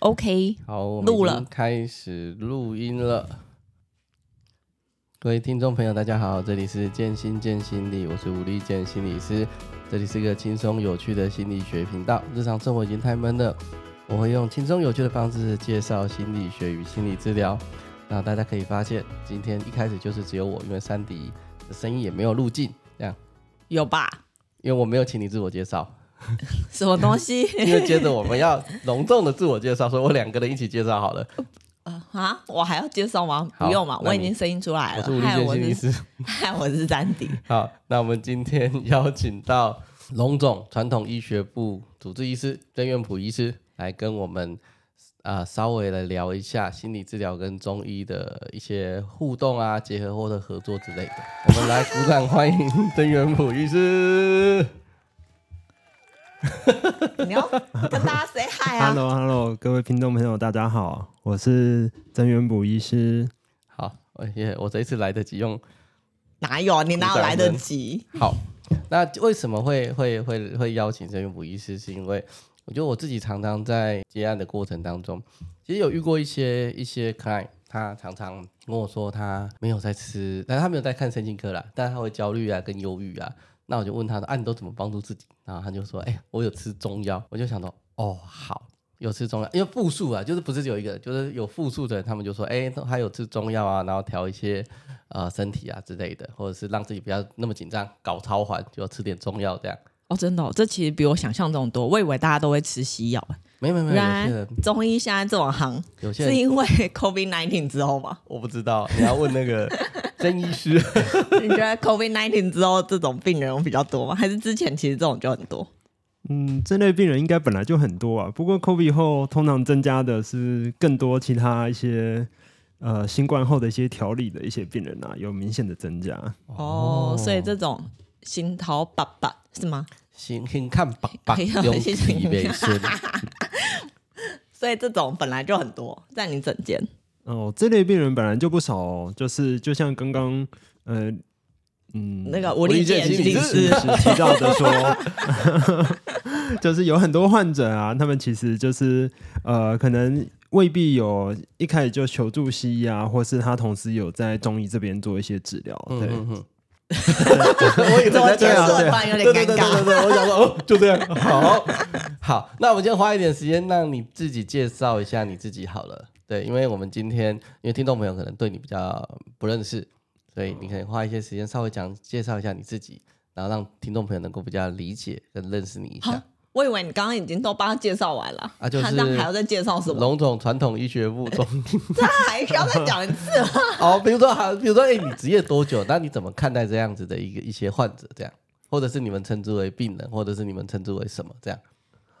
OK，好，錄了，我們開始錄音了。各位聽眾朋友，大家好，這裡是健心見心理，我是吳麗建心理師，這裡是一個輕鬆有趣的心理學頻道。日常生活已經太悶了，我會用輕鬆有趣的方式介紹心理學與心理治療。那大家可以發現，今天一開始就是只有我，因為三迪的聲音也沒有錄進，這樣有吧？因為我沒有請你自我介紹。 什麼東西？ 因為接着我們要隆重的自我介紹，所以我兩個人一起介紹好了。啊，我還要介紹嗎？不用嘛，我已經聲音出來了。我是心理師，我是詹迪 。好，那我們今天邀請到龍總，傳統醫學部主治醫師曾元卜醫師來跟我們啊、呃，稍微來聊一下心理治療跟中醫的一些互動啊，結合或者合作之類的。 我們來鼓掌歡迎曾元卜醫師。 你要跟大家 say、啊、 hi e l l o h e l l o 各位聽眾朋友，大家好，我是增元補醫師。好，我也我這一次來得及用，哪有你哪有來得及？好，那為什麼會會會會邀請增元補醫師？是因為我覺得我自己常常在接案的過程當中，其實有遇過一些一些 client，他常常跟我說他沒有在吃，但他沒有在看神經科啦，但他會焦慮啊，啊，跟憂鬱啊。那我就問他，啊，你都怎麼幫助自己？然後他就說：哎，我有吃中藥。我就想到：哦，好，有吃中藥。因為複數啊，就是不是有一個，就是有複數的人，他們就說：哎，還有吃中藥啊，然後調一些啊、呃、身體啊之類的，或者是讓自己不要那麼緊張，搞超環就要吃點中藥這樣。哦，真的哦，這其實比我想象中多。我以為大家都會吃西藥。沒，沒，沒原來有沒有沒有，中醫現在這麼行，是因為 COVID nineteen 之後嗎？我不知道，你要問那個曾醫師 你覺得 COVID nineteen 之後這種病人會比較多嗎？還是之前其實這種就很多？嗯，這類病人應該本來就很多啊，不過 COVID 後通常增加的是更多其他一些呃新冠後的一些調理的一些病人啊，有明顯的增加。哦，所以這種心頭板板是嗎？先先看吧吧，哎，用一杯水，所以這種本來就很多在你診間哦，這類病人本來就不少。哦，就是就像剛剛呃嗯那個我理解的我你時提到的說， 就是有很多患者啊，他們其實就是呃可能未必有一開始就求助西醫啊，或是他同時有在中醫這邊做一些治療，嗯，對。嗯嗯嗯 我以為在介紹，有點尷尬。對，對，對，對，對，對，對，對，對 我想說，哦，就這樣。好、哦、好，那我們就花一點時間讓你自己介紹一下你自己好了。對，因為我們今天，因為聽眾朋友可能對你比較不認識，所以你可以花一些時間稍微講介紹一下你自己，然後讓聽眾朋友能夠比較理解跟認識你一下 我以為你剛剛已經都幫他介紹完了，他還要再介紹什麼？榮總傳統醫學部中，這還需要再講一次嗎？哦，比如說，比如說，哎、欸，你執業多久？那你怎麼看待這樣子的一個一些患者？這樣，或者是你們稱之為病人，或者是你們稱之為什麼？這樣。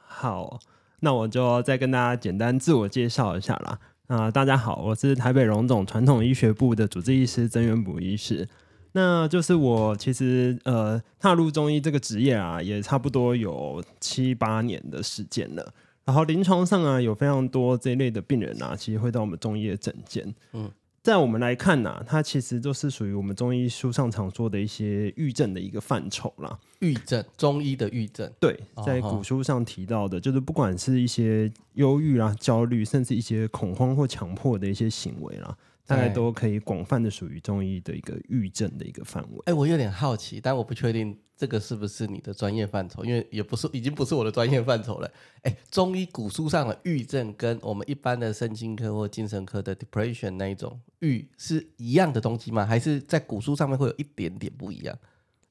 好，那我就再跟大家簡單自我介紹一下啦。啊、呃，大家好，我是台北榮總傳統醫學部的主治醫師曾元卜醫師。那就是我其實呃踏入中醫這個職業啊，也差不多有七八年的時間了。然後臨床上啊，有非常多這一類的病人啊，其實會到我們中醫的診間。嗯，在我們來看啊，它其實都是屬於我們中醫書上常說的一些鬱症的一個範疇啦。鬱症，中醫的鬱症。對，在古書上提到的，哦哦，就是不管是一些憂鬱啊、焦慮，甚至一些恐慌或強迫的一些行為啦。大概都可以廣泛的屬於中醫的一個鬱症的一個範圍。哎，我有點好奇，但我不確定這個是不是你的專業範疇，因為也不是，已經不是我的專業範疇了。哎，中醫古書上的鬱症跟我們一般的神經科或精神科的 depression 那一種鬱是一樣的東西嗎？還是在古書上面會有一點點不一樣？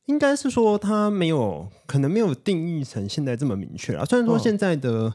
應該是說它沒有，可能沒有定義成現在這麼明確啊。雖然說現在的。哦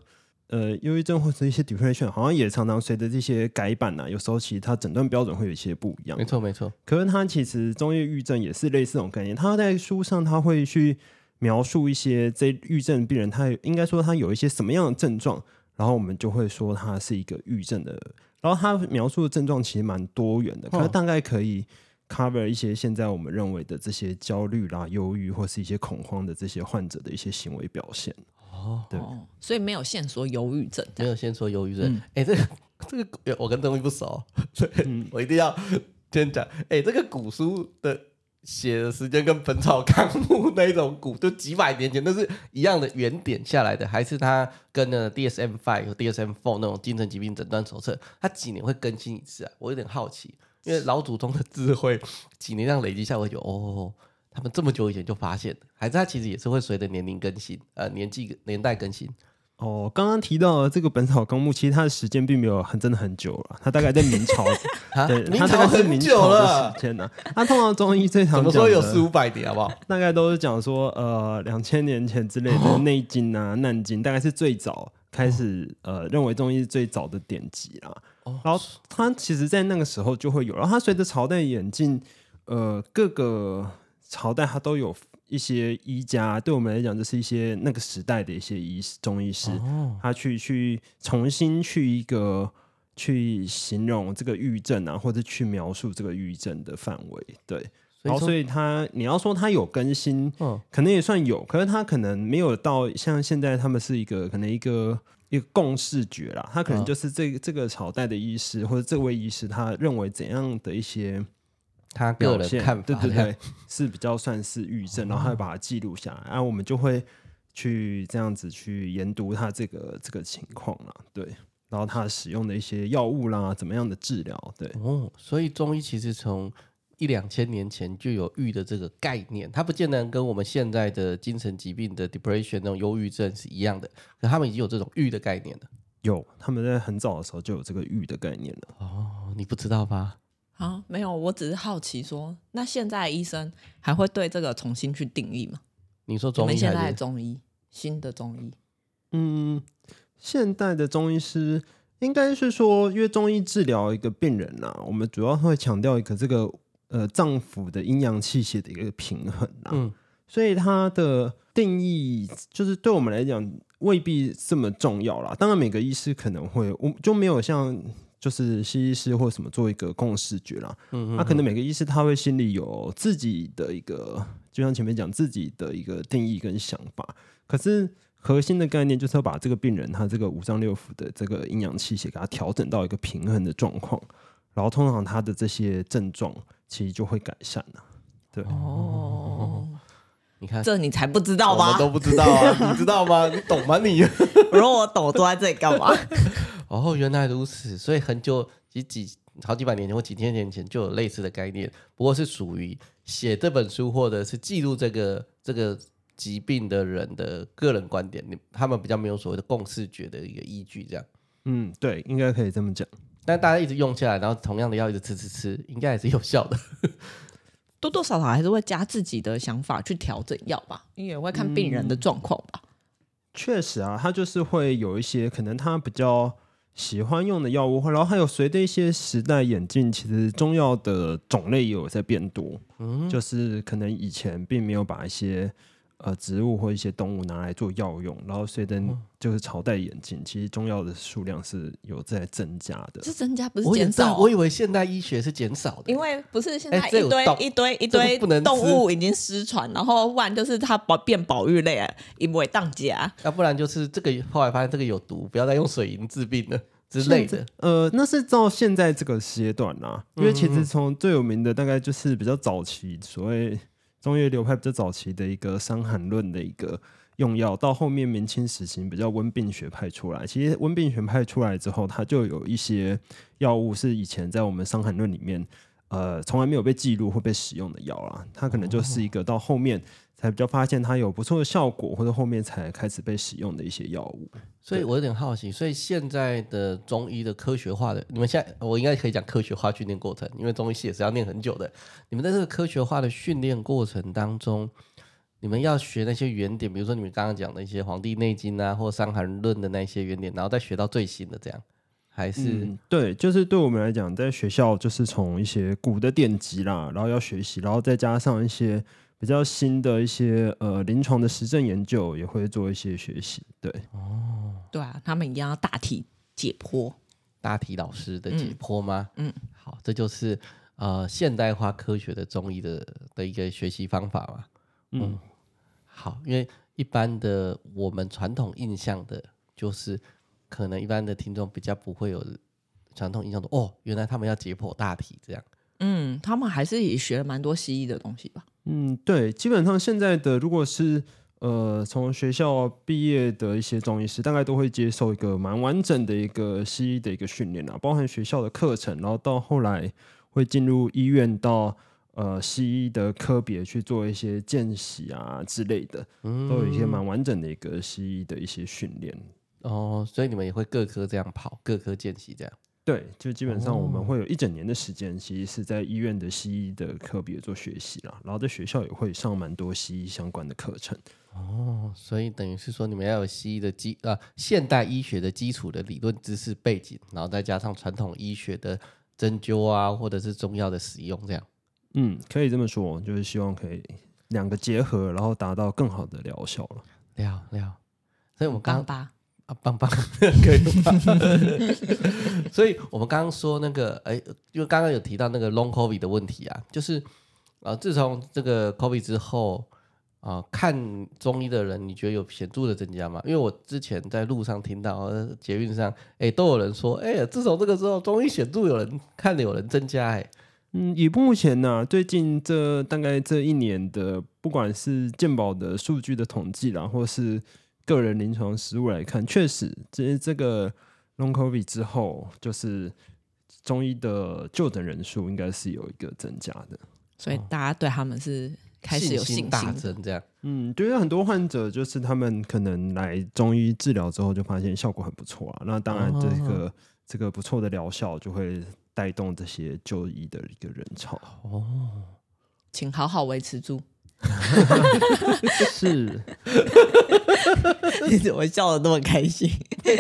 呃，憂鬱症或是一些 depression，好像也常常隨着這些改版呢、啊。有時候其實它診斷標準會有一些不一樣。沒錯沒錯。可是它其實中醫鬱症也是類似這種概念。他在書上他會去描述一些這鬱症病人它，他應該說他有一些什麼樣的症狀，然後我們就會說他是一個鬱症的。然後他描述的症狀其實蠻多元的，他、哦、可是大概可以 cover 一些現在我們認為的這些焦慮啦、憂鬱或是一些恐慌的這些患者的一些行為表現。哦、oh，對，所以沒有線索憂鬱症，憂鬱症沒有線索，憂鬱症。哎、嗯、欸，這個這個，我跟中醫不熟，所以我一定要、嗯、先講。哎、欸，這個古書的寫的時間跟《本草綱目》那一種古，就幾百年前，都是一樣的原點下來的，還是他跟的 DSM Five 和 DSM Four 那種精神疾病診斷手冊，他幾年會更新一次啊？我有點好奇，因為老祖宗的智慧，幾年這樣累積下來，就哦。他們這麼久以前就發現，孩子他其實也是會隨着年齡更新，呃，年紀年代更新。哦，剛剛提到的這個《本草綱目》，其實它的時間並沒有很真的很久了，它大概在明朝， 啊、對明朝，它大概是明朝的時間呢、啊。它通常中醫最常講的時候有四五百年，好不好？大概都是講說，呃，兩千年前之類的《內經》啊，哦，《難經》，大概是最早開始，哦、呃，認為中醫是最早的典籍啊。哦。然後它其實在那個時候就會有，然後它隨着朝代演進，呃，各個。朝代他都有一些醫家，對我們來講，就是一些那個時代的一些醫師，中醫師，他去去重新去一個去形容這個抑鬱症啊，或者去描述這個抑鬱症的範圍。對，然後所以他你要說他有更新、嗯，可能也算有，可是他可能沒有到像現在他們是一個可能一個一個共識啦，他可能就是這、嗯、這個朝代的醫師或者這位醫師他認為怎樣的一些。他個人看法表現，對對對， 是比較算是抑鬱症， 然後他會把它記錄下來啊，我們就會去這樣子去研讀他這個這個情況啊，對，然後他使用的一些藥物啦，怎麼樣的治療，對，哦，所以中醫其實從一兩千年前就有鬱的這個概念，它不見得跟我們現在的精神疾病的 depression 那種憂鬱症是一樣的，可是他們已經有這種鬱的概念了，有，他們在很早的時候就有這個鬱的概念了，哦，你不知道吧？好、啊，沒有，我只是好奇說，那現在的醫生還會對這個重新去定義嗎？你說中醫現在的中醫新的中醫？嗯，現代的中醫師應該是說，因為中醫治療一個病人吶、啊，我們主要會強調一個這個呃臟腑的陰陽氣血的一個平衡、啊、嗯，所以他的定義就是對我們來講未必這麼重要啦。當然，每個醫師可能會，我就沒有像。就是西醫師或什麼做一個共識決啦，嗯哼哼，他、啊、可能每個醫師他會心裡有自己的一個，就像前面講自己的一個定義跟想法，可是核心的概念就是要把這個病人他這個五臟六腑的這個陰陽氣血給他調整到一個平衡的狀況，然後通常他的這些症狀其實就會改善了。對哦，哦，你看這你才不知道嗎？我都不知道啊？ 你知道嗎？你懂嗎？你 如果我懂，我坐在這裡幹嘛？ 哦，原來如此。所以很久幾幾，幾好幾百年前或幾千年前就有類似的概念，不過是屬於寫這本書或者是記錄這個這個疾病的人的個人觀點。他們比較沒有所謂的共識決的一個依據，這樣。嗯，對，應該可以這麼講。但大家一直用下來，然後同樣的藥一直吃吃吃，應該還是有效的。 多多少少還是會加自己的想法去調整藥吧，因為也會看病人的狀況吧、嗯。確實啊，他就是會有一些可能他比較。喜歡用的藥物，然後還有隨着一些時代演進，其實中藥的種類也有在變多。嗯，就是可能以前並沒有把一些。呃，植物或一些動物拿來做藥用，然後隨著就是朝代演進，其實中藥的數量是有在增加的。是增加，不是減少？我我以為現代醫學是減少的，因為不是現在一堆、欸、這有一堆一堆動物已經失傳，然後不然就是它保變保育類也不會當家要、啊啊、不然就是這個後來發現這個有毒，不要再用水銀治病了之類的。呃，那是到現在這個階段吶、啊，因為其實從最有名的大概就是比較早期所謂。中醫流派，比較早期的一個《傷寒論》的一個用藥，到後面明清時期比較溫病學派出來。其實溫病學派出來之後，它就有一些藥物是以前在我們《傷寒論》裡面。呃，從來沒有被記錄或被使用的藥啊，它可能就是一個到後面才比較發現它有不錯的效果，或者後面才開始被使用的一些藥物。所以我有點好奇，所以現在的中醫的科學化的，你們現在我應該可以講科學化訓練過程，因為中醫系也是要念很久的。你們在這個科學化的訓練過程當中，你們要學那些原點，比如說你們剛剛講的一些《黃帝內經》啊，或《傷寒論》的那一些原點，然後再學到最新的這樣。還是、嗯、對，就是對我們來講，在學校就是從一些古的典籍啦，然後要學習，然後再加上一些比較新的一些呃臨床的實證研究，也會做一些學習。對，哦，對啊，他們一定要大體解剖，大體老師的解剖嗎？嗯，好，這就是呃現代化科學的中醫的的一個學習方法吧、嗯。嗯，好，因為一般的我們傳統印象的就是。可能一般的聽眾比較不會有傳統印象的哦，原來他們要解剖大體這樣。嗯，他們還是也學了蠻多西醫的東西吧。嗯，對，基本上現在的如果是呃從學校畢業的一些中醫師，大概都會接受一個蠻完整的一個西醫的一個訓練啊，包含學校的課程，然後到後來會進入醫院到呃西醫的科別去做一些見習啊之類的，嗯，都有一些蠻完整的一個西醫的一些訓練。哦，所以你們也會各科這樣跑，各科見習這樣。對，就基本上我們會有一整年的時間，其實是在醫院的西醫的科別做學習啦，然後在學校也會上蠻多西醫相關的課程。哦，所以等於是說你們要有西醫的基呃、啊、現代醫學的基礎的理論知識背景，然後再加上傳統醫學的針灸啊，或者是中藥的使用這樣。嗯，可以這麼說，就是希望可以兩個結合，然後達到更好的療效了。你好，你好，所以我們剛剛把。棒棒，可以。 所以，我們剛剛說那個，哎、欸，因為剛剛有提到那個 long COVID 的問題啊，就是啊、呃，自從這個 COVID 之後啊、呃，看中醫的人，你覺得有顯著的增加嗎？因為我之前在路上聽到，呃、哦，捷運上，哎、欸，都有人說，哎、欸，自從這個之後，中醫顯著有人看的有人增加、欸，哎，嗯，以目前呢、啊，最近這大概這一年的，不管是健保的數據的統計啦，然後是。個人臨床實務來看，確實，這這個 long COVID 之後，就是中醫的就診人數應該是有一個增加的，所以大家對他們是開始有信心，信心大增這樣。嗯，對於很多患者就是他們可能來中醫治療之後，就發現效果很不錯啊。那當然，這個哦哦，這個這個不錯的療效就會帶動這些就醫的一個人潮。哦，請好好維持住。 是 ，你怎麼笑得那麼開心？ 聽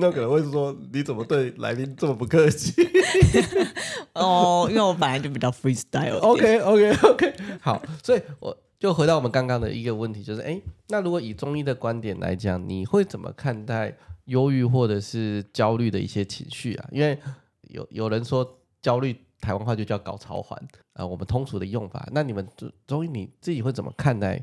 到可能會說，你怎麼對來賓這麼不客氣？哦、 oh,，因為我本來就比較 freestyle。OK，OK，OK、okay, okay, okay.。好，所以我就回到我們剛剛的一個問題，就是，誒，那如果以中醫的觀點來講，你會怎麼看待憂鬱或者是焦慮的一些情緒啊？因為有有人說焦慮。台灣話就叫搞潮環啊、呃，我們通俗的用法。那你們中中醫你自己會怎麼看待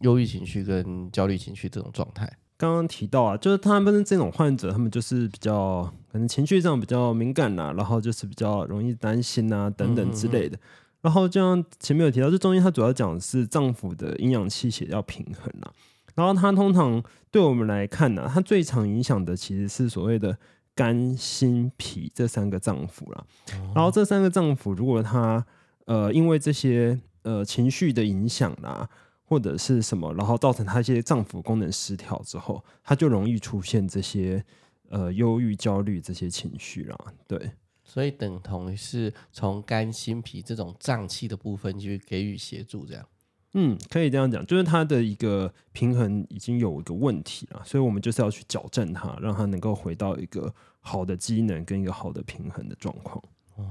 憂鬱情緒跟焦慮情緒這種狀態？剛剛提到啊，就是他們這種患者，他們就是比較可能情緒上比較敏感吶、啊，然後就是比較容易擔心吶、啊、等等之類的、嗯。然後就像前面有提到，就中醫他主要講的是臟腑的陰陽氣血要平衡啦、啊。然後他通常對我們來看呢、啊，他最常影響的其實是所謂的。肝、心、脾這三個臟腑啦、嗯，然後這三個臟腑，如果他呃因為這些呃情緒的影響啦，或者是什麼，然後造成他一些臟腑功能失調之後，他就容易出現這些呃憂鬱、焦慮這些情緒啦。對，所以等同於是從肝、心、脾這種臟器的部分去給予協助，這樣。嗯，可以這樣講，就是它的一個平衡已經有一個問題了，所以我們就是要去矯正它，讓它能夠回到一個好的機能跟一個好的平衡的狀況。哦，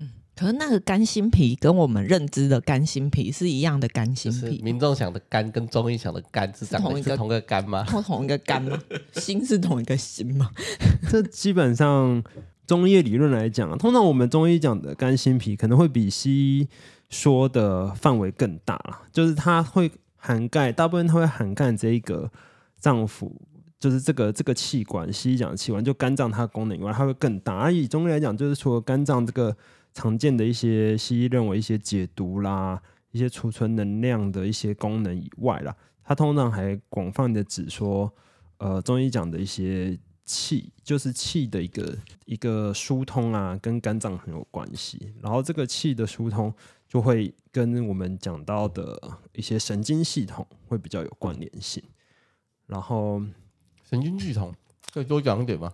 嗯，可是那個肝心脾跟我們認知的肝心脾是一樣的肝心脾，就是，民眾想的肝跟中醫想的肝是，是同一個同一個肝嗎？同一個肝嗎？ 心是同一個心嗎？ 這基本上中醫理論來講，啊，通常我們中醫講的肝心脾可能會比西醫。說的範圍更大啦，就是它會涵蓋大部分，它會涵蓋這一個臟腑，就是這個這個器官，西醫講器官，就肝臟它的功能以外，它會更大。而、啊、以中醫來講，就是除了肝臟這個常見的一些西醫認為一些解毒啦、一些儲存能量的一些功能以外啦，它通常還廣泛的指說，呃，中醫講的一些氣，就是氣的一個一個疏通啊，跟肝臟很有關係。然後這個氣的疏通。就會跟我們講到的一些神經系統會比較有關聯性，然後神經系統再多講一點吧。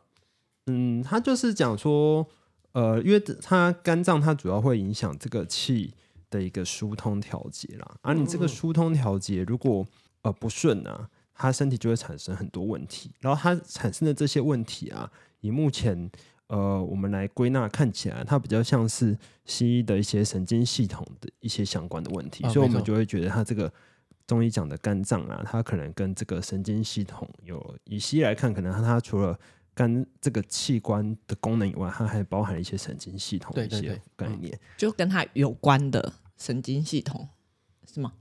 嗯，他就是講說，呃，因為它肝臟它主要會影響這個氣的一個疏通調節啦，而、啊、你這個疏通調節如果、嗯、呃不順呢、啊，它身體就會產生很多問題，然後它產生的這些問題啊，以目前。呃，我們來歸納，看起來它比較像是西醫的一些神經系統的一些相關的問題，哦，所以我們就會覺得它這個中醫講的肝臟啊，它可能跟這個神經系統有，以西醫來看，可能它，它除了肝這個器官的功能以外，它還包含一些神經系統的一些對對對概念，哦，就跟它有關的神經系統，嗯、是嗎？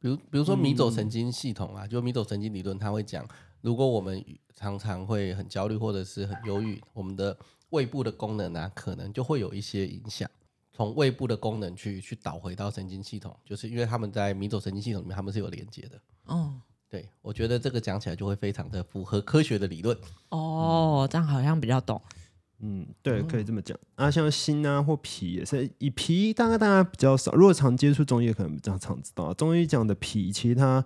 比如，比如說迷走神經系統啊，嗯，就迷走神經理論，它會講。如果我們常常會很焦慮或者是很憂鬱，我們的胃部的功能呢、啊，可能就會有一些影響。從胃部的功能去去導回到神經系統，就是因為他們在迷走神經系統裡面，他們是有連接的。哦，對，我覺得這個講起來就會非常的符合科學的理論。哦、嗯，這樣好像比較懂。嗯，對，可以這麼講。啊，像心啊或脾也是，以脾大概大家比較少。如果常接觸中醫，可能比較常知道、啊。中醫講的脾，其實它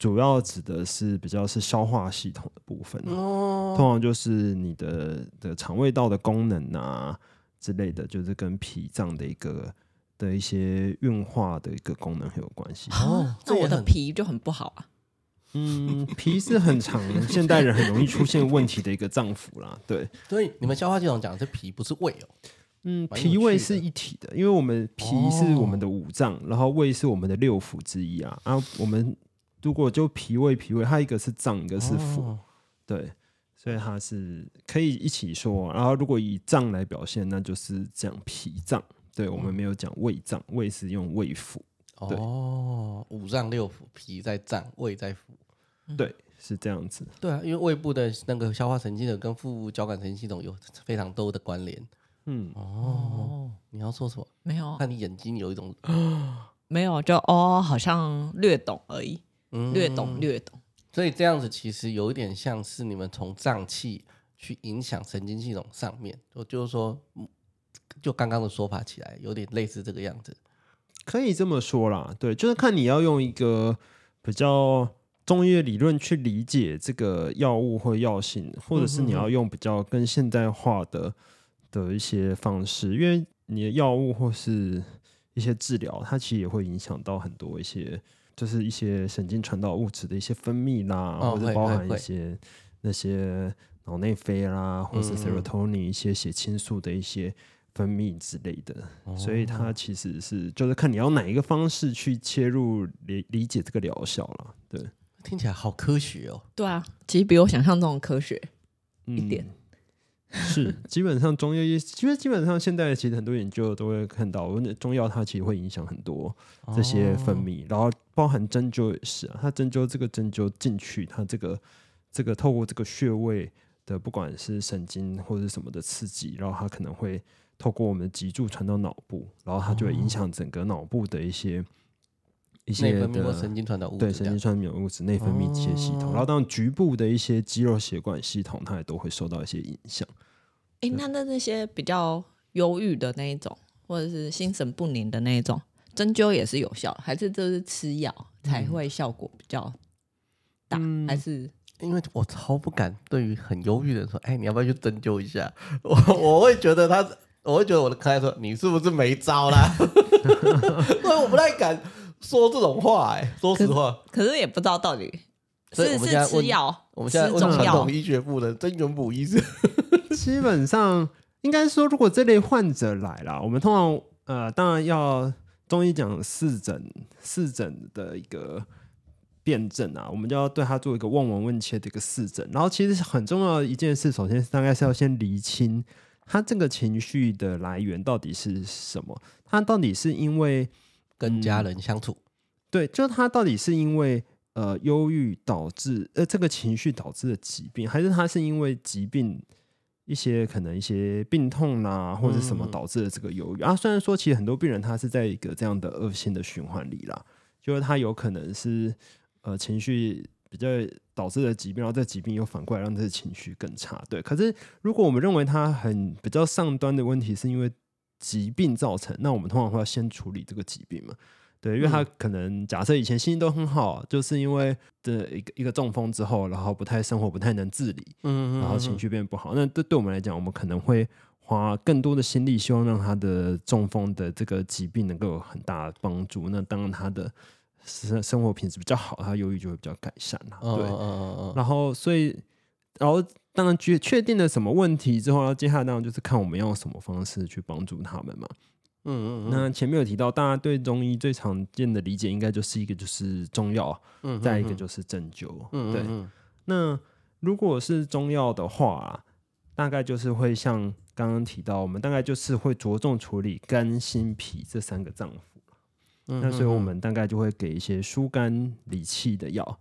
主要指的是比較是消化系統的部分哦、啊，oh. 通常就是你的的腸胃道的功能啊之類的，就是跟脾臟的一個的一些運化的一個功能很有關係、啊。那我的脾就很不好啊。嗯，脾是很常 現代人很容易出現問題的一個臟腑啦。對，所以你們消化系統講的是脾，不是胃哦。嗯，脾胃是一體的，因為我們脾是我們的五臟，oh. 然後胃是我們的六腑之一啊。啊，我們。如果就脾胃，脾胃它一個是臟，一個是腑，哦、對，所以它是可以一起說。然後如果以臟來表現，那就是講脾臟，對，我們沒有講胃臟，胃是用胃腑。哦，五臟六腑，脾在臟，胃在腑，對、嗯，是這樣子。對啊，因為胃部的那個消化神經的跟副交感神經系統有非常多的關聯。嗯，哦，你要說什麼？沒有，看你眼睛有一種，沒有，就哦，好像略懂而已。嗯、略懂，略懂。所以這樣子其實有一點像是你們從臟器去影響神經系統上面，我就，就是說，就剛剛的說法起來，有點類似這個樣子。可以這麼說啦，對，就是看你要用一個比較中醫的理論去理解這個藥物或藥性，或者是你要用比較更現代化的、嗯、哼哼的一些方式，因為你的藥物或是一些治療，它其實也會影響到很多一些。就是一些神經傳導物質的一些分泌啦、哦，或者包含一些那些腦內啡啦，或是 serotonin 一些血清素的一些分泌之類的，嗯、所以它其實是就是看你要哪一個方式去切入理理解這個療效啦。對，聽起來好科學哦。對啊，其實比我想象中的科學一點。嗯 是，基本上中藥也，因為基本上現在其實很多研究都會看到，我們中藥它其實會影響很多這些分泌，哦、然後包含針灸也是啊，它針灸這個針灸進去，它這個這個透過這個穴位的，不管是神經或者是什麼的刺激，然後它可能會透過我們的脊柱傳到腦部，然後它就會影響整個腦部的一些。一些的神經傳導物質，對神經傳導物質、內分泌一些系統，哦、然後當然局部的一些肌肉血管系統，它也都會受到一些影響。哎、欸，那那那些比較憂鬱的那一種，或者是心神不寧的那一種，針灸也是有效，還是就是吃藥才會效果比較大？嗯、還是因為我超不敢，對於很憂鬱的人說，哎、欸，你要不要去針灸一下？我我會覺得他，我會覺得我的客人說，你是不是沒招了？因 為 我不太敢。說這種話、欸，哎，說實話，可是也不知道到底是是，所以是吃藥。我們現在我們傳統醫學部的曾元卜醫師，基本上 應該說，如果這類患者來了，我們通常呃，當然要中醫講四診四診的一個辨證啊，我們就要對他做一個望聞問切的一個四診。然後其實很重要的一件事，首先大概是要先釐清他這個情緒的來源到底是什麼，他到底是因為。跟家人相處、嗯，對，就他到底是因為呃憂鬱導致呃這個情緒導致的疾病，還是他是因為疾病一些可能一些病痛啦或者什麼導致的這個憂鬱、嗯、啊？雖然說其實很多病人他是在一個這樣的惡性的循環裡啦，就是他有可能是呃情緒比較導致的疾病，然後這個疾病又反過來讓他的情緒更差。對，可是如果我們認為他很比較上端的問題是因為。疾病造成，那我們通常會要先處理這個疾病嘛。對，因為他可能、嗯、假設以前心情都很好，就是因為這一個一個中風之後，然後不太生活不太能自理，嗯、嗯、嗯、嗯然後情緒變得不好。那對對我們來講，我們可能會花更多的心力，希望讓他的中風的這個疾病能夠有很大的幫助。那當他的生生活品質比較好，他憂鬱就會比較改善了、啊嗯嗯嗯。對嗯嗯嗯，然後所以，然後。當然，確定了什麼問題之後，接下來當然就是看我們要用什麼方式去幫助他們嘛。嗯、嗯嗯。那前面有提到，大家對中醫最常見的理解，應該就是一個就是中藥，嗯哼哼，再一個就是針灸，嗯哼哼，對，嗯哼哼。那如果是中藥的話，大概就是會像剛剛提到，我們大概就是會着重處理肝、心、脾這三個臟腑。嗯哼哼。那所以我們大概就會給一些疏肝理氣的藥。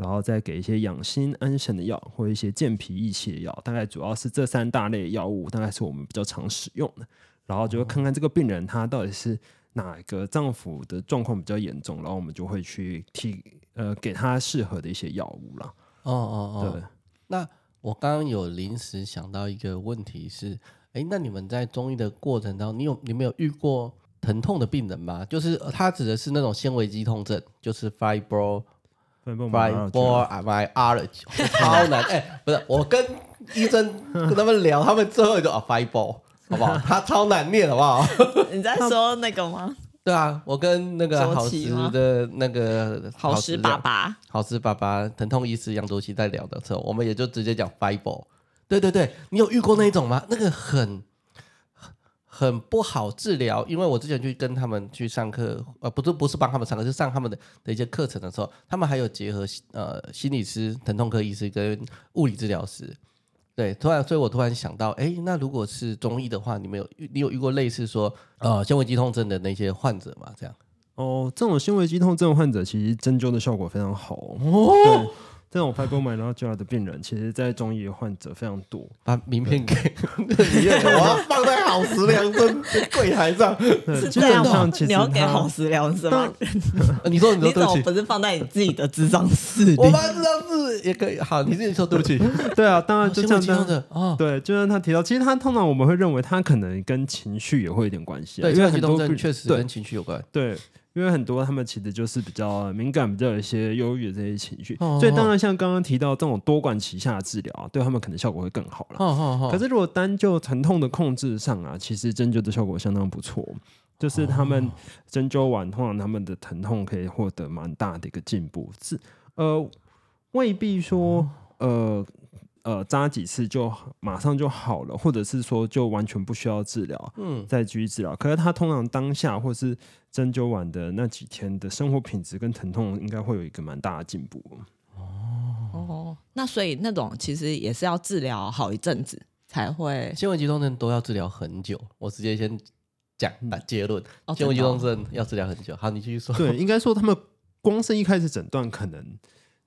然後再給一些養心安神的藥，或一些健脾益氣的藥，大概主要是這三大類的藥物，大概是我們比較常使用的。然後就會看看這個病人他到底是哪個臟腑的狀況比較嚴重，然後我們就會去替呃給他適合的一些藥物啦。哦哦哦，對。那我剛剛有臨時想到一個問題是，是哎，那你們在中醫的過程當中，你有你有沒有遇過疼痛的病人嗎？就是他指的是那種纖維肌痛症，就是 fibro。fibro 超難哎、 欸，不是我跟醫生跟他們聊， 他們最後也就 fibro 好不好？他超難念，好不好？ 你在說那個嗎？對啊，我跟那個好時的那個好時、好時爸爸，好時爸爸疼痛醫師楊卓熙在聊的時候，我們也就直接講 fibro，對對對，你有遇過那種嗎？哦、那個很。很不好治療，因為我之前去跟他們去上課，呃，不是不是幫他們上課，是上他們的的一些課程的時候，他們還有結合呃心理師、疼痛科醫師跟物理治療師。對，突然，所以我突然想到，誒，那如果是中醫的話，你們有你有遇過類似說呃纖維肌痛症的那些患者嗎？這樣？哦，這種纖維肌痛症患者其實針灸的效果非常好。哦、對。這種拍購買然後叫來的病人，其實，在中醫患者非常多。把名片給對， 對 我要放在好食療的櫃台上，是這樣？你要給好食療是嗎、呃？你說你說對不起，不是放在你自己的智障室。我智障室也可以好。你自己說對不起，對， 對啊，當然就像這樣子啊，哦哦。對，就像他提到，其實他通常我們會認為他可能跟情緒也會有點關係對啊。對，因為很多確實跟情緒有關。對。因為很多他們其實就是比較敏感，比較有一些憂鬱的這些情緒，所以當然像剛剛提到這種多管齊下的治療啊，對他們可能效果會更好了。可是如果單就疼痛的控制上啊，其實針灸的效果相當不錯，就是他們針灸完，通常他們的疼痛可以獲得蠻大的一個進步，是呃未必說呃。呃，扎幾次就馬上就好了，或者是說就完全不需要治療。嗯，再繼續治療。可是他通常當下或是針灸完的那幾天的生活品質跟疼痛，應該會有一個蠻大的進步。哦哦，那所以那種其實也是要治療好一陣子才會。纖維肌痛症都要治療很久。我直接先講結論：哦，纖維肌痛症要治療很久。好，你繼續說。對，應該說他們光是一開始診斷可能。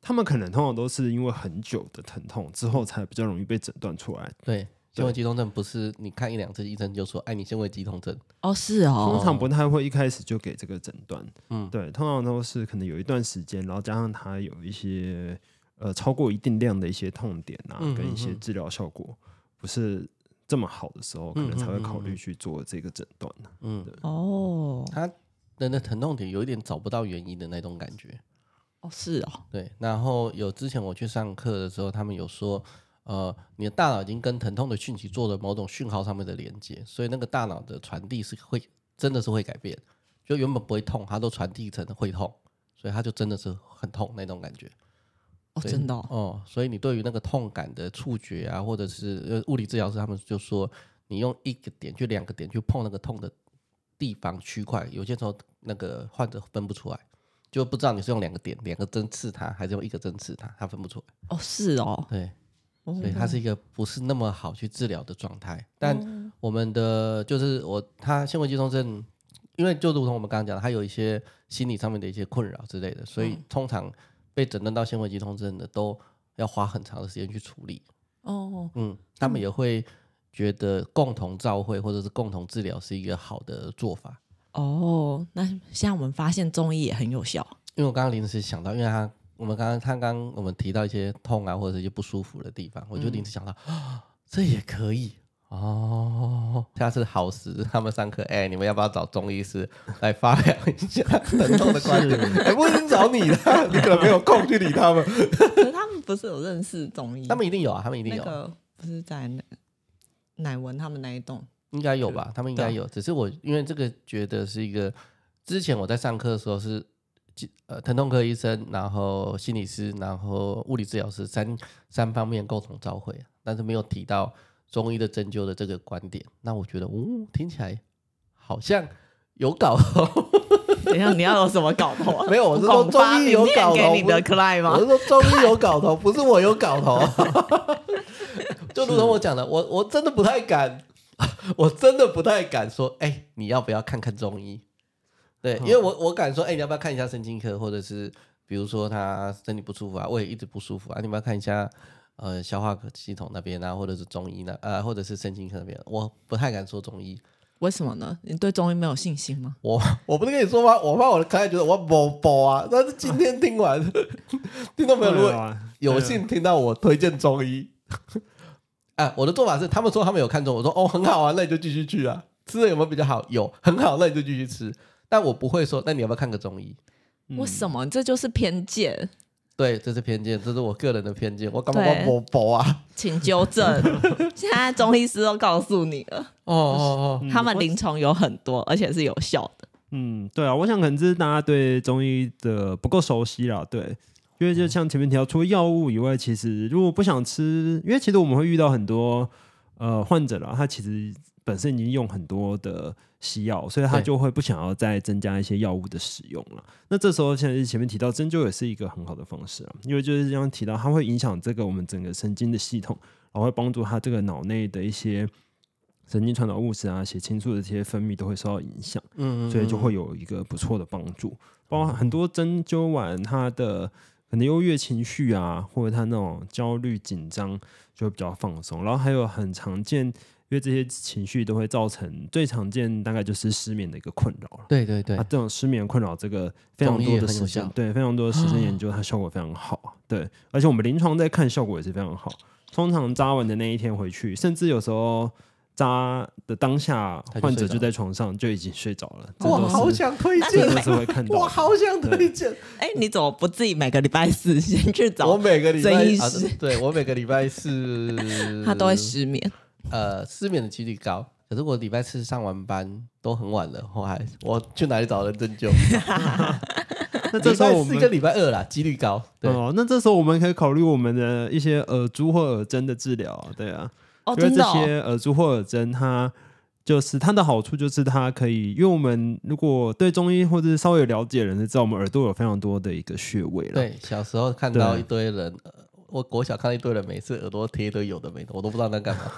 他們可能通常都是因為很久的疼痛之後，才比較容易被診斷出來。嗯。對，纖維肌痛症不是你看一兩次醫生就說，哎，你纖維肌痛症。哦，是哦。通常不太會一開始就給這個診斷。嗯，對，通常都是可能有一段時間，然後加上他有一些呃超過一定量的一些痛點啊，跟一些治療效果不是這麼好的時候，可能才會考慮去做這個診斷的。哦，哦，他人的疼痛點有一點找不到原因的那種感覺。哦，是哦，對，然後有之前我去上課的時候，他們有說，呃，你的大腦已經跟疼痛的訊息做了某種訊號上面的連接，所以那個大腦的傳遞是會真的是會改變，就原本不會痛，它都傳遞成會痛，所以它就真的是很痛那種感覺。哦，真的哦，嗯，所以你對於那個痛感的觸覺啊，或者是呃，物理治療師他們就說，你用一個點去，就兩個點去碰那個痛的地方區塊，有些時候那個患者分不出來。就不知道你是用兩個點、兩個針刺它，還是用一個針刺它，它分不出來。哦，是哦，對，oh, 所以它是一個不是那麼好去治療的狀態。Oh. 但我們的就是我，它纖維肌痛症，因為就如同我們剛剛講的，它有一些心理上面的一些困擾之類的，所以通常被診斷到纖維肌痛症的，都要花很長的時間去處理。哦，oh，嗯，他們也會覺得共同照會或者是共同治療是一個好的做法。哦，那現在我們發現中醫也很有效。啊，因為我剛剛臨時想到，因為他我們剛剛他剛我們提到一些痛啊或者是一些不舒服的地方，嗯、我就臨時想到，哦，這也可以哦。下次好時他們上課，哎、欸，你們要不要找中醫師來發表一下疼痛 的觀念。欸？我已經找你了，你可能沒有空去理他們。 可是他們不是有認識中醫？他們一定有啊，他們一定有，啊，那個、不是在乃文他們那一棟。應該有吧、嗯，他們應該有。只是我因為這個覺得是一個，之前我在上課的時候是，呃，疼痛科醫生，然後心理師，然後物理治療師三三方面共同照會，但是沒有提到中醫的針灸的這個觀點。那我覺得，嗚、哦，聽起來好像有搞頭。 等一下，你要有什麼搞頭啊？ 沒有，我是說中醫有搞頭你你的可愛嗎。我是說中醫有搞頭， 不是我有搞頭。 就如同我講的，我我真的不太敢。 我真的不太敢說，哎、欸，你要不要看看中醫？對，因為我我敢說，哎、欸，你要不要看一下神經科，或者是比如說他身體不舒服啊，胃一直不舒服啊，你要，不要看一下呃消化系統那邊啊，或者是中醫呢，呃，或者是神經科那邊、啊，我不太敢說中醫，為什麼呢？你對中醫沒有信心嗎？我我不是跟你說嗎？我怕我的客人覺得我不不啊，但是今天聽完聽到 沒有？如果有幸聽到我推薦中醫。 哎、啊，我的做法是，他們說他們有看中，我說哦很好啊，那你就繼續去啊。吃的有沒有比較好？有很好，那你就繼續吃。但我不會說，那你要不要看個中醫？為、嗯、什麼？這就是偏見。對，這是偏見，這是我個人的偏見。我幹嘛婆婆啊？請糾正。 現在中醫師都告訴你了。哦哦哦，哦、嗯，他們臨床有很多，而且是有效的。嗯，對啊，我想可能這是大家對中醫的不夠熟悉了。對。因為就像前面提到，除了藥物以外，其實如果不想吃，因為其實我們會遇到很多呃患者了，他其實本身已經用很多的西藥，所以他就會不想要再增加一些藥物的使用了。那這時候，像是前面提到，針灸也是一個很好的方式啊，因為就是像提到，它會影響這個我們整個神經的系統，然後會幫助他這個腦內的一些神經傳導物質啊、血清素的這些分泌都會受到影響，嗯，所以就會有一個不錯的幫助，包括很多針灸完他的。可能憂鬱情緒啊，或者他那種焦慮緊張，就會比較放鬆。然後還有很常見，因為這些情緒都會造成最常見，大概就是失眠的一個困擾。對對對啊，這種失眠困擾，這個非常多的實證，對非常多的實證研究，它效果非常好。哦、對，而且我們臨床在看效果也是非常好。通常扎完的那一天回去，甚至有時候。扎的當下，患者就在床上就已經睡着了。我好想推薦，真的會看到。我好想推薦。哎，你怎麼不自己每個禮拜四先去找？我每個禮拜、啊、拜四，對我每個禮拜四，他都會失眠。呃，失眠的幾率高。可是我禮拜四上完班都很晚了，我還我去哪裡找人針灸？ 那這時候是一個禮拜二了，幾率高。對、哦，那這時候我們可以考慮我們的一些耳珠或耳針的治療，對啊。所以這些耳珠或耳針，它就是它的好處，就是它可以，因為我們如果對中醫或者是稍微有了解的人，就知道我們耳朵有非常多的一個穴位了。對，小時候看到一堆人，我國小看一堆人，每次耳朵貼一堆有的沒的，我都不知道在幹嘛。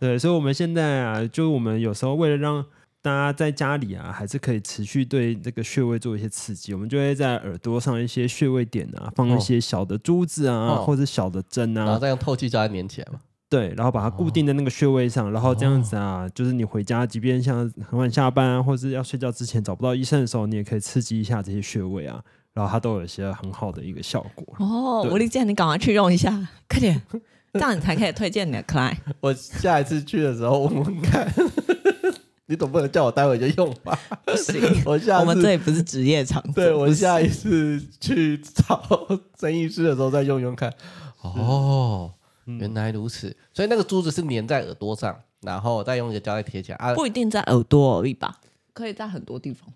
對，所以我們現在啊，就是我們有時候為了讓大家在家裡啊，還是可以持續對這個穴位做一些刺激，我們就會在耳朵上一些穴位點啊，放一些小的珠子啊，或者小的針啊，然後再用透氣膠來粘起來嘛。對，然後把它固定在那個穴位上，哦，然後這樣子啊，就是你回家，即便像很晚下班，啊、或是要睡覺之前找不到醫生的時候，你也可以刺激一下這些穴位啊，然後它都有些很好的一個效果。哦，吳立健，你趕快去用一下，快點，這樣你才可以推薦你的客戶。我下一次去的時候，問問看。 你總不能叫我待會兒就用吧？不行。 我下我們這裡不是職業場所，對我下一次去找曾醫師的時候再用用看。哦。原來如此、嗯，所以那個珠子是粘在耳朵上，然後再用一個膠帶貼起來啊。不一定在耳朵而已吧？可以在很多地方。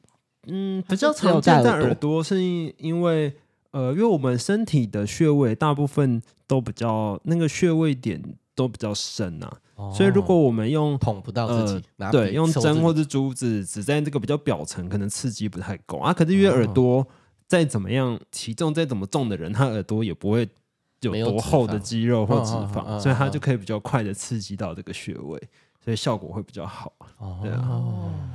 嗯，比較常見在耳朵，耳朵是因為呃，因為我們身體的穴位大部分都比較，那個穴位點都比較深啊，哦、所以如果我們用捅不到自己，呃、對，用針或者珠子只在這個比較表層，可能刺激不太夠啊。可是因為耳朵再怎麼樣，體重再怎麼重的人，他耳朵也不會。有多厚的肌肉或脂肪、脂肪，所以它就可以比較快的刺激到這個穴位，所以效果會比較好。對啊、哦嗯，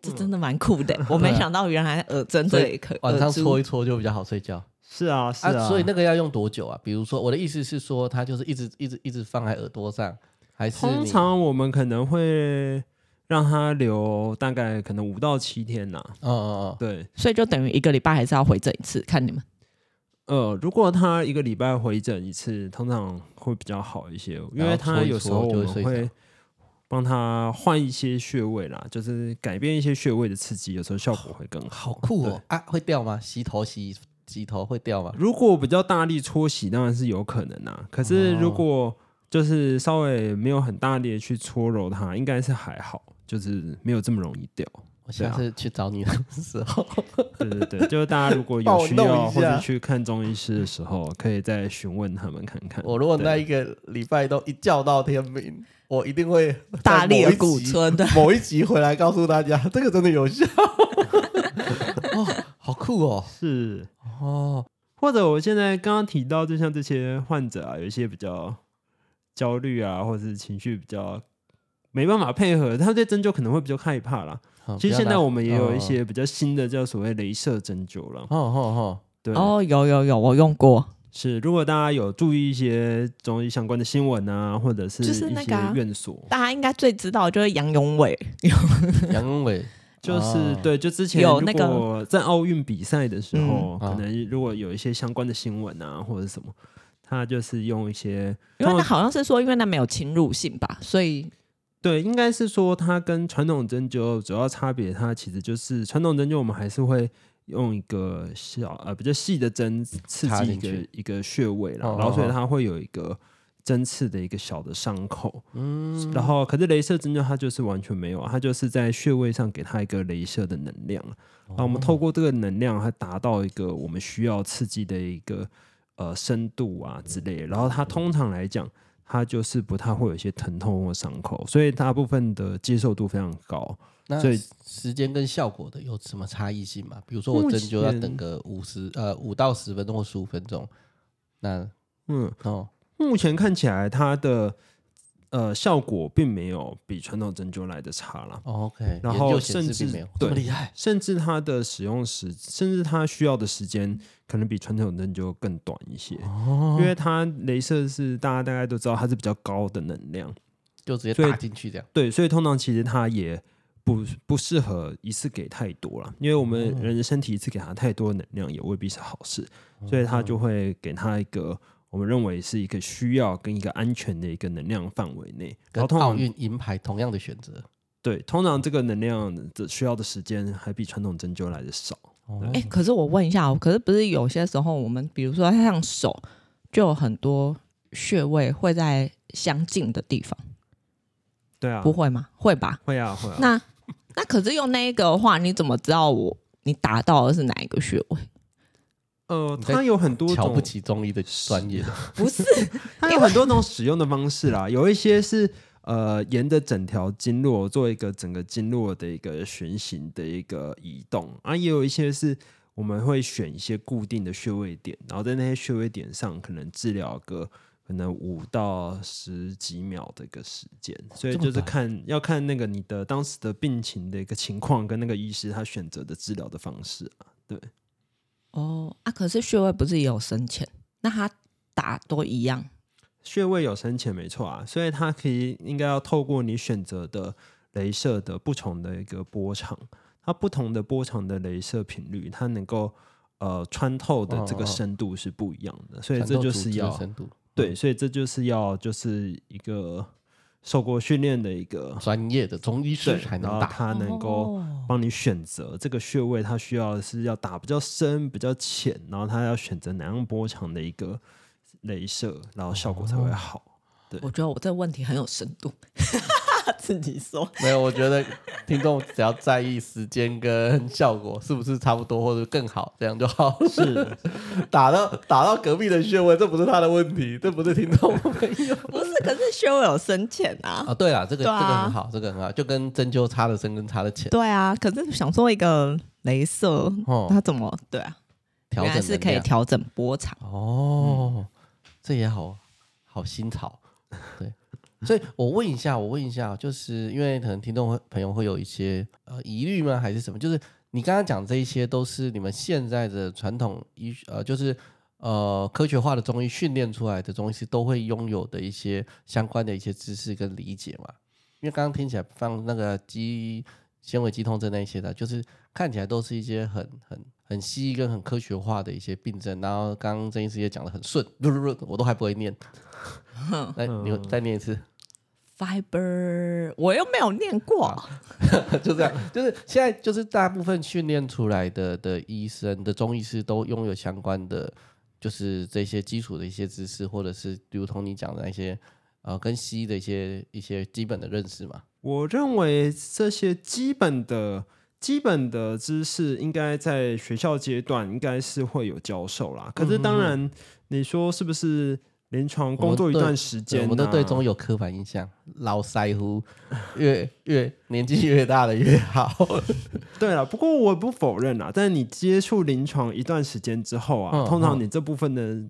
這真的蠻酷的。我沒想到原來耳針這可以，以，晚上搓一搓就比較好睡覺。是啊，是啊，啊。所以那個要用多久啊？比如說，我的意思是說，它就是一直一直一直放在耳朵上，還是？通常我們可能會讓它留大概可能五到七天吶、啊。哦哦哦，對。所以就等於一個禮拜還是要回診一次，看你們。呃，如果他一個禮拜回診一次，通常會比較好一些，因為他有時候我們會幫他換一些穴位啦，就是改變一些穴位的刺激，有時候效果會更好。好酷哦、喔！啊，會掉嗎？洗頭洗洗頭會掉嗎？如果比較大力搓洗，當然是有可能啦、啊。可是如果就是稍微沒有很大力的去搓揉它，應該是還好，就是沒有這麼容易掉。我下次去找你的時候對、啊，對對對，就是大家如果有需要或者去看中醫師的時候，可以再詢問他們看看。我如果在一個禮拜都一覺到天明，我一定會大力鼓吹，某一集回來告訴大家，這個真的有效。 哦，好酷哦！是哦，或者我現在剛剛提到，就像這些患者啊，有一些比較焦慮啊，或者是情緒比較。沒辦法配合，他對針灸可能會比較害怕啦。其實現在我們也有一些比較新的叫所謂“雷射針灸”了。哦，哦，哦對哦，有有有，我用過。是，如果大家有注意一些中醫相關的新聞啊，或者是一些院、就是、那個院、啊、所，大家應該最知道就是楊永偉。楊永偉就是、哦、對，就之前有那個在奧運比賽的時候，可能如果有一些相關的新聞啊，或者什麼，他就是用一些，因為他好像是說，因為那沒有侵入性吧，所以。對，應該是說它跟傳統針灸主要差別，它其實就是傳統針灸，我們還是會用一個小呃比較細的針刺激一個一個穴位，哦哦哦，然後所以它會有一個針刺的一個小的傷口。嗯，然後可是雷射針灸它就是完全沒有，它就是在穴位上給它一個雷射的能量，那、嗯、我們透過這個能量，它達到一個我們需要刺激的一個呃深度啊之類、嗯，然後它通常來講。嗯它就是不太會有一些疼痛或傷口，所以大部分的接受度非常高。那所以時間跟效果的有什麼差異性嗎？比如說我針灸要等個五十呃五到十分鐘或十五分鐘，那嗯好，哦，目前看起來它的。呃，效果並沒有比傳統針灸來得差了。OK，然後甚至對，甚至它的使用時，甚至它需要的時間可能比傳統針灸更短一些。哦，因為它鐳射是大家大概都知道，它是比較高的能量，就直接打進去這樣。對，所以通常其實它也不不適合一次給太多了，因為我們人的身體一次給它太多能量也未必是好事，所以它就會給它一個。我們認為是一個需要跟一個安全的一個能量範圍內，跟然後奧運銀牌同樣的選擇，對，通常這個能量的需要的時間還比傳統針灸來的少。哎、哦欸，可是我問一下，可是不是有些時候我們，比如說像手，就有很多穴位會在相近的地方。對啊，不會嗎？會吧？會啊，會啊。那那可是用那一個的話，你怎麼知道我，你打到的是哪一個穴位？呃，它、呃、有很多種瞧不起中醫的專業，不是它。 有很多種使用的方式啦。 有一些是呃沿着整條經絡做一個整個經絡的一個循行的一個移動，啊，也有一些是我們會選一些固定的穴位點，然後在那些穴位點上可能治療個可能五到十幾秒的一個時間，所以就是看要看那個你的當時的病情的一個情況跟那個醫師他選擇的治療的方式、啊、對。哦、oh, 啊，可是穴位不是也有深淺？那它打都一樣？穴位有深淺沒錯啊，所以它可以應該要透過你選擇的雷射的不同的一個波長，它不同的波長的雷射頻率，它能夠呃穿透的這個深度是不一樣的，哦哦，所以這就是要深度、嗯、對，所以這就是要就是一個。受過訓練的一個專業的中醫師，然後他能夠幫你選擇、哦、這個穴位，他需要的是要打比較深、比較淺，然後他要選擇哪樣波長的一個雷射，然後效果才會好。哦、對，我覺得我這問題很有深度。 他自己說沒有，我覺得聽眾只要在意時間跟效果是不是差不多或者更好，這樣就好。是 打到打到隔壁的穴位，這不是他的問題，這不是聽眾沒有。不是， 可是穴位有深淺啊。啊、哦，對啊、啊，這個、啊、這個很好，這個很好，就跟針灸差的深跟差的淺。對啊，可是想做一個雷射，哦，它怎麼對啊？原來是可以調整波長哦、嗯，這也好好新潮對。所以我問一下，我問一下，就是因為可能聽眾朋友會有一些呃疑慮嗎，還是什麼？就是你剛剛講這一些，都是你們現在的傳統醫學呃，就是呃科學化的中醫訓練出來的中醫師都會擁有的一些相關的一些知識跟理解嘛？因為剛剛聽起來放那個肌纖維肌痛症那一些的，就是看起來都是一些很很很西醫跟很科學化的一些病症，然後剛剛曾醫師也講得很順，我都還不會念， 來你再念一次。Fiber 我又沒有念過， 就這樣，就是現在就是大部分訓練出來的的醫生的中醫師都擁有相關的，就是這些基礎的一些知識，或者是比如同你講的那些呃跟西醫的一些一些基本的認識嘛。我認為這些基本的基本的知識應該在學校階段應該是會有教授啦。嗯、可是當然，你說是不是？臨床工作一段時間，啊，我們對對我都對中醫有刻板印象，老賽乎越，越越年紀越大的越好。 對了，不過我不否認啊。但是你接觸臨床一段時間之後啊，通常你這部分的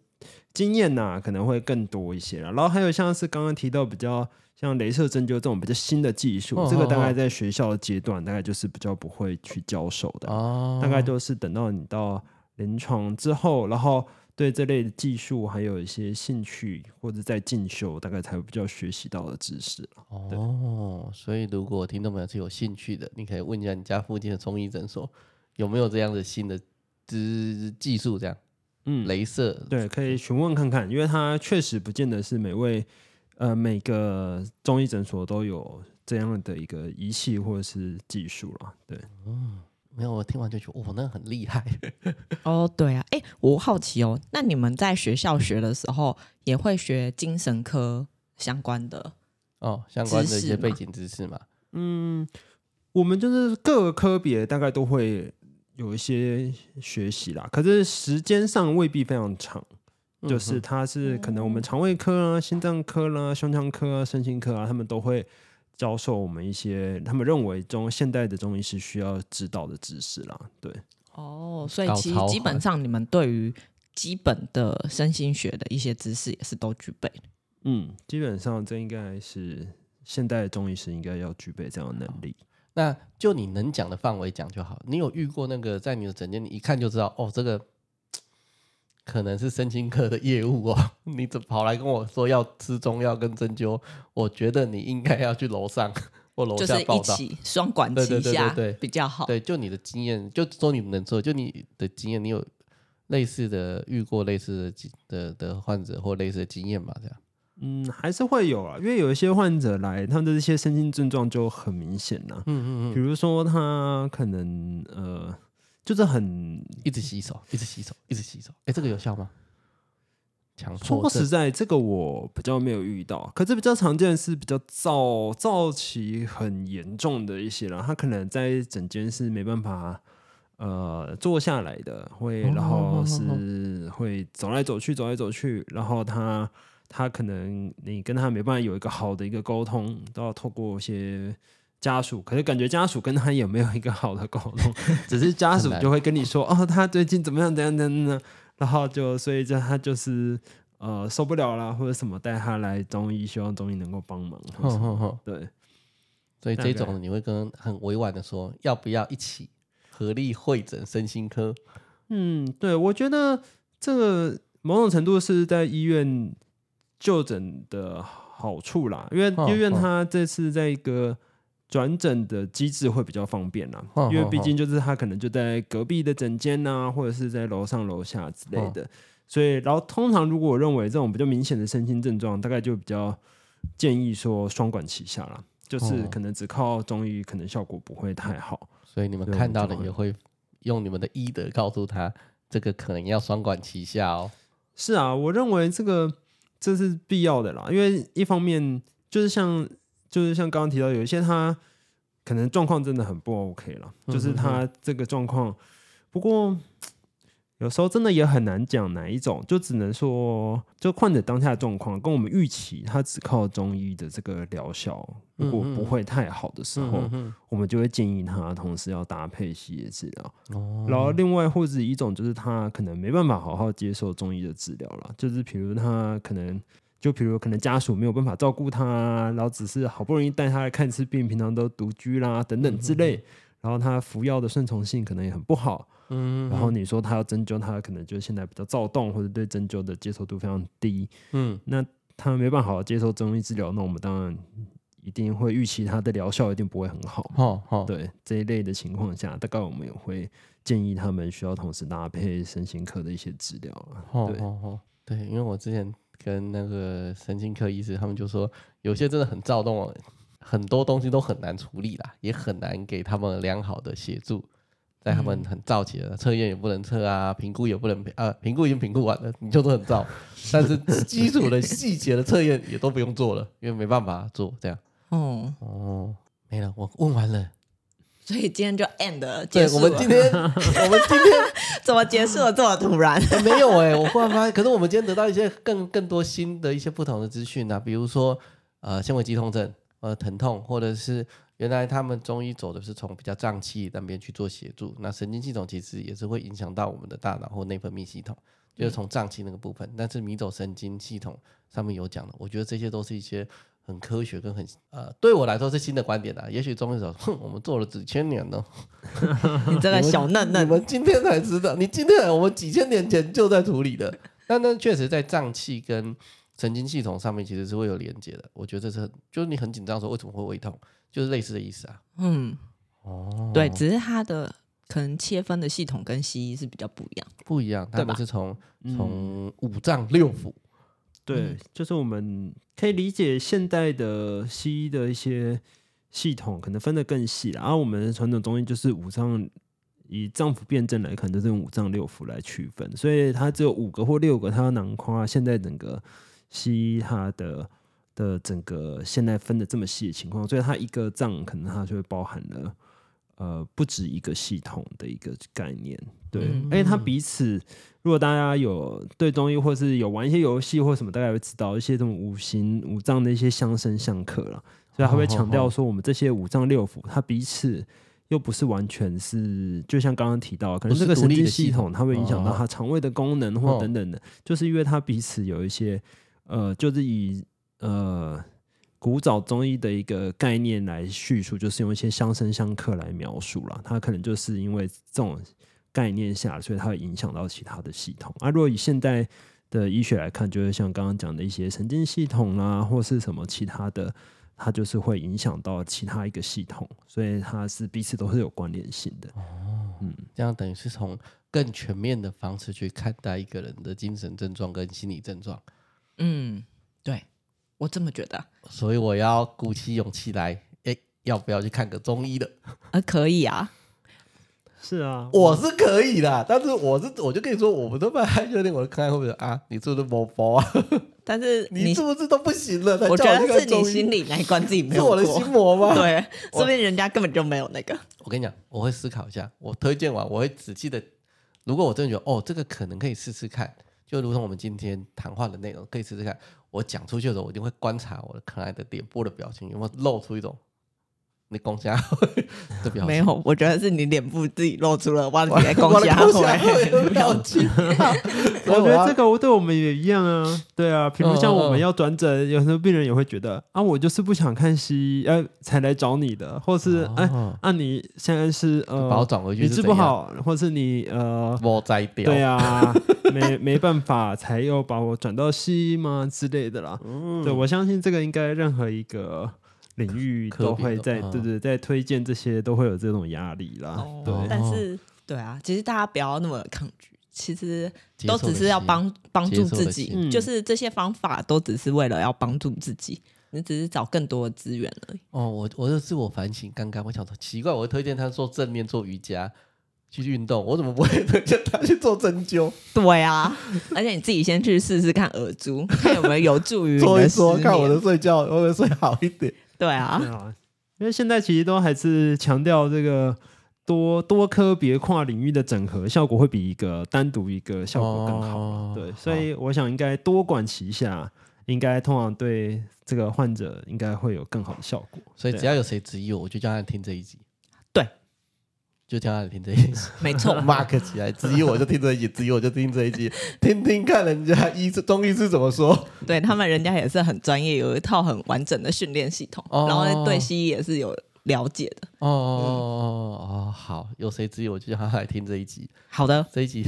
經驗吶，啊，可能會更多一些了。嗯嗯。然後還有像是剛剛提到比較像雷射針灸這種比較新的技術，嗯嗯，這個大概在學校的階段大概就是比較不會去教授的。哦，嗯，大概都是等到你到臨床之後，然後。對這類的技術還有一些興趣，或者在進修，大概才比較學習到的知識。哦，所以如果聽眾朋友是有興趣的，你可以問一下你家附近的中醫診所有沒有這樣的新的技術，這樣，嗯，雷射，對，可以詢問看看，因為它確實不見得是每位呃每個中醫診所都有這樣的一個儀器或者是技術了，對，嗯沒有，我聽完就覺得，哇、哦，那很厲害。哦、 oh，對啊，哎，我好奇哦，那你們在學校學的時候，也會學精神科相關的？哦，相關的一些背景知識嗎？嗯，我們就是各個科別大概都會有一些學習啦，可是時間上未必非常長。嗯，就是它是可能我們腸胃科啦、啊嗯、心臟科啦、啊、胸腔科啊、身心科啊，他們都會。教授我們一些他們認為中現代的中醫師需要知道的知識啦，對。哦，所以其實基本上你們對於基本的身心學的一些知識也是都具備。嗯，基本上這應該是現代中醫師應該要具備這樣的能力。那就你能講的範圍講就好。你有遇過那個在你的診間，你一看就知道哦，這個。可能是身心科的業務哦，你怎跑來跟我說要吃中藥跟針灸？我覺得你應該要去樓上或樓下報到，就是一起雙管齊下，對對對對對，比較好。對，就你的經驗，就說你能做，就你的經驗，你有類似的遇過類似的的的患者或類似的經驗吧？這樣，嗯，還是會有啊，因為有一些患者來，他們的一些身心症狀就很明顯吶、啊。嗯嗯嗯，比如說他可能呃。就是很一直洗手，一直洗手，一直洗手。哎，這個有效嗎？強迫症。說實在，這個我比較沒有遇到。可是比較常見是比較躁躁期很嚴重的一些人，他可能在整間是沒辦法呃坐下來的，會然後是會走來走去，走來走去。然後他他可能你跟他沒辦法有一個好的一個溝通，都要透過一些，家屬，可是感覺家屬跟他也沒有一個好的溝通，只是家屬就會跟你說哦，他最近怎麼樣？怎樣？怎樣呢？然後就所以就他就是呃受不了啦，或者什麼帶他來中醫，希望中醫能夠幫忙、哦哦。對，所以這種你會跟很委婉的說，要不要一起合力會診身心科？嗯，對，我覺得這個某種程度是在醫院就診的好處啦，因為醫院他這次在一個。轉診的機制會比較方便啦，哦哦哦，因為畢竟就是他可能就在隔壁的診間吶，哦哦，或者是在樓上樓下之類的，哦，所以然後通常如果我認為這種比較明顯的身心症狀，大概就比較建議說雙管齊下啦，就是可能只靠中醫可能效果不會太好，哦，所以你們看到的也會用你們的醫德告訴他，這個可能要雙管齊下哦。是啊，我認為這個這是必要的啦，因為一方面就是像。就是像剛剛提到，有一些他可能狀況真的很不 OK 了，就是他這個狀況。不過有時候真的也很難講哪一種，就只能說，就患者當下狀況跟我們預期，他只靠中醫的這個療效，如果不會太好的時候，我們就會建議他同時要搭配一些治療。然後另外或者一種就是他可能沒辦法好好接受中醫的治療了，就是比如他可能。就比如可能家屬沒有辦法照顧他、啊，然後只是好不容易帶他來看一次病，平常都獨居啦等等之類、嗯，然後他服藥的順從性可能也很不好，嗯，然後你說他要針灸，他可能就現在比較躁動或者對針灸的接受度非常低，嗯，那他沒辦法接受中醫治療，那我們當然一定會預期他的療效一定不會很好，哦哦、對這一類的情況下，大概我們也會建議他們需要同時搭配身心科的一些治療，哦對，哦哦、對，因為我之前。跟那個神經科醫師他們就說有些真的很躁動，很多東西都很難處理啦，也很難給他們良好的協助，在他們很躁急的測驗也不能測啊，評估也不能評啊，評估已經評估完了，你就是很躁，但是基礎的細節的測驗也都不用做了，因為沒辦法做這樣。哦哦，沒了，我問完了。所以今天就 end 了結束了對。我們今天，我們今天 怎麼結束了這麼突然？ 欸、沒有誒、欸，我忽然發現，可是我們今天得到一些更更多新的一些不同的資訊啊，比如說呃纖維肌痛症，呃疼痛，或者是原來他們中醫走的是從比較脹氣那邊去做協助，那神經系統其實也是會影響到我們的大腦或內分泌系統，就是從脹氣那個部分、嗯，但是迷走神經系統上面有講的，我覺得這些都是一些。很科學跟很呃，對我來說是新的觀點的、啊。也許中醫說，哼，我們做了幾千年了。 你真的小嫩嫩， 我們今天才知道？你今天我們幾千年前就在處理的。但那確實在臟器跟神經系統上面其實是會有連接的。我覺得是很，就是你很緊張的時候為什麼會胃痛，就是類似的意思啊。嗯，哦，對，只是他的可能切分的系統跟西醫是比較不一樣，不一樣，他們是從從五臟六腑。嗯對，就是我們可以理解現代的西醫的一些系統，可能分得更細。然、啊、後我們傳統中醫就是五臟，以臟腑辨證來看，可能就是用五臟六腑來區分，所以它只有五個或六個它。它囊括現在整個西醫它的的整個現在分得這麼細的情況，所以它一個臟可能它就會包含了呃不止一個系統的一個概念。對，而、欸、且他彼此，如果大家有對中醫，或是有玩一些遊戲或什麼，大概會知道一些這種五行、五臟的一些相生相剋啦，所以他會強調說，我們這些五臟六腑，它、哦哦哦、彼此又不是完全是，就像剛剛提到，可能這個、嗯、神經系統它、哦哦、會影響到它腸胃的功能或等等的，哦哦就是因為它彼此有一些，呃，就是以呃古早中醫的一個概念來敘述，就是用一些相生相剋來描述啦。它可能就是因為這種。概念下，所以它會影響到其他的系統。啊，如果以現代的醫學來看，就是像剛剛講的一些神經系統啦，或是什麼其他的，它就是會影響到其他一個系統，所以它是彼此都是有關聯性的。哦，嗯，這樣等於是從更全面的方式去看待一個人的精神症狀跟心理症狀。嗯，對，我這麼覺得。所以我要鼓起勇氣來，誒，要不要去看個中醫的？啊、呃，可以啊。是啊，我是可以的，嗯，但是我是我就跟你說，我不這麼還有點，我的可愛會不會說啊？你是不是包包啊？ 但是你，你是不是都不行了？我，啊，我覺得是你心理，那關自己沒有 是我的心魔嗎？對，說不定人家根本就沒有那個。我，我跟你講，我會思考一下，我推薦完，我會仔細的。如果我真的覺得哦，這個可能可以試試看，就如同我們今天談話的內容，可以試試看。我講出去的時候，我一定會觀察我的可愛的臉部的表情，有沒有露出一種。沒貢獻好，沒有，我覺得是你臉部自己露出了，哇！ 還 你的貢獻 好大。我的貢獻還有表情。我覺得這個我對我們也一樣啊，對啊。比如像我們要轉診、嗯，有時候病人也會覺得、嗯、啊，我就是不想看西醫，呃，才來找你的，或是哎，那、呃哦啊、你現在是呃，是你治不好，或是你呃，表對呀、啊， 沒沒辦法才又把我轉到西醫嗎之類的啦。嗯，對我相信這個應該任何一個。領域都會在對對，在推薦這些都會有這種壓力啦、哦、對、哦，但是對啊，其實大家不要那麼抗拒，其實都只是要幫幫助自己，嗯、就是這些方法都只是為了要幫助自己，你只是找更多的資源而已。哦，我我就自我反省，剛剛我想說奇怪，我會推薦他做正面做瑜伽去運動，我怎麼不會推薦他去做針灸？對啊， 而且你自己先去試試看耳珠，看有沒有有助於 說一說，看我的睡覺會不會睡好一點。對啊，對啊，因為現在其實都還是強調這個多多科別跨領域的整合效果會比一個單獨一個效果更好，哦、對，所以我想應該多管齊下，哦，應該通常對這個患者應該會有更好的效果。所以只要有誰質疑我，啊，我就叫他聽這一集。就叫他來聽這一集，沒錯，mark 起來。質疑我就聽這一集，質 疑我，我就聽這一集，聽聽看人家醫師中醫師怎麼說。對他們，人家也是很專業，有一套很完整的訓練系統、哦，然後對西醫也是有了解的。哦哦哦哦，哦，、嗯哦，好，有誰質疑我就叫他來聽這一集。好的，這一集，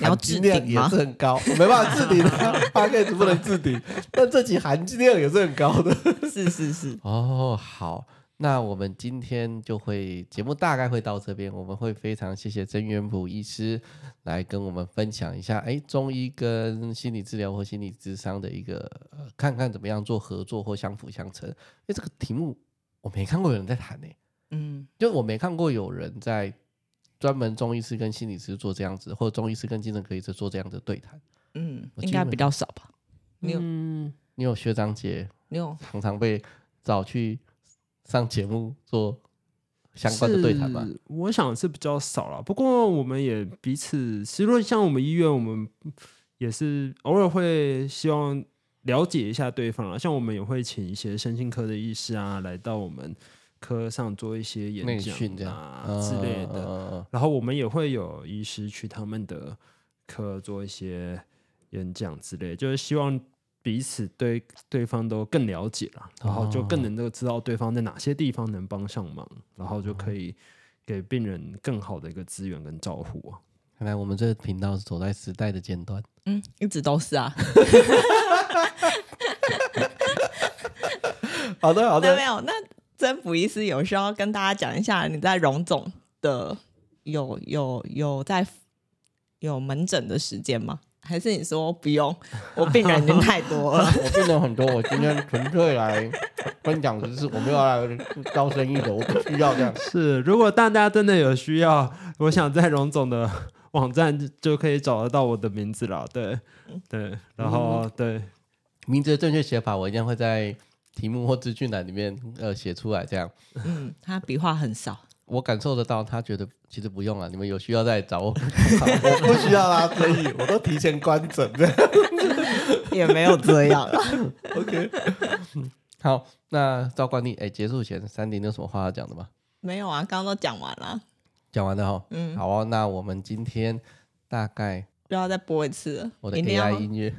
要置頂嗎？含金量也是很高， 我沒辦法置頂，八八 K 是不能置頂。 但這集含金量也是很高的， 是是是。哦，好。那我們今天就會節目大概會到這邊，我們會非常謝謝曾元卜醫師來跟我們分享一下，哎，中醫跟心理治療或心理諮商的一個、呃，看看怎麼樣做合作或相輔相成。哎，這個題目我沒看過有人在談誒、欸，嗯，就我沒看過有人在專門中醫師跟心理師做這樣子，或者中醫師跟精神科醫師做這樣的對談，嗯，我應該比較少吧？嗯、你有你有學長姐，你有常常被找去。上節目做相關的對談吧，我想是比較少了。不過我們也彼此，其實像我們醫院，我們也是偶爾會希望了解一下對方啊。像我們也會請一些身心科的醫師啊，來到我們科上做一些演講啊之類的、啊。然後我們也會有醫師去他們的科做一些演講之類，就是希望。彼此對對方都更了解了，oh. 然後就更能夠知道對方在哪些地方能幫上忙，oh. 然後就可以給病人更好的一個資源跟照顧、啊。看、okay, 來我們這個頻道是走在時代的尖端，嗯，一直都是啊。 好的，好的。那沒有，那元卜醫師有需要跟大家講一下，你在榮總的有有有在有門診的時間嗎？還是你說不用？我病人已經太多了。 我病人很多，我今天純粹來分享知識， 我沒有來高生意的。我不需要這樣。是，如果大家真的有需要，我想在榮總的網站就可以找得到我的名字了。對，對，然後、嗯、對名字的正確寫法，我一定會在題目或資訊欄裡面呃寫出來。這樣，嗯，他筆畫很少。我感受得到，他覺得其實不用了。你們有需要再找我， 我不需要啦，所以我都提前關整的， 也沒有這樣 OK，好，那照慣例，哎、欸，結束前，三弟有什麼話要講的嗎？沒有啊，剛剛都講完了，講完了哈。嗯，好哦。那我們今天大概不要再播一次我的 AI 音樂，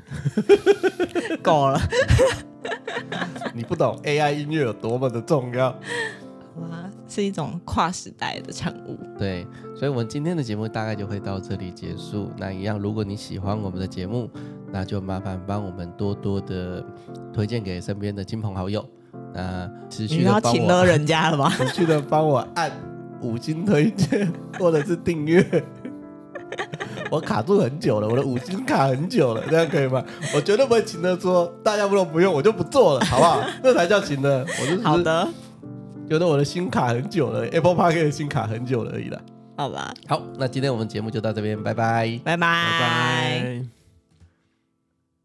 夠 了，你不懂 AI 音樂有多麼的重要。哇，是一種跨時代的產物。對，所以我們今天的節目大概就會到這裡結束。那一樣，如果你喜歡我們的節目，那就麻煩幫我們多多的推薦給身邊的親朋好友。那持續的，請了人家了嗎？持續的幫我按五星推薦，或者是訂閱。 我卡住很久了，我的五星卡很久了，這樣可以嗎？我絕對不會請得說，大家不不用，我就不做了，好不好？那才叫請得、就是。好的。覺得我的新卡很久了，Apple Park 的新卡很久了而已了，好吧。好，那今天我們節目就到這邊，拜拜，拜拜，拜拜，拜。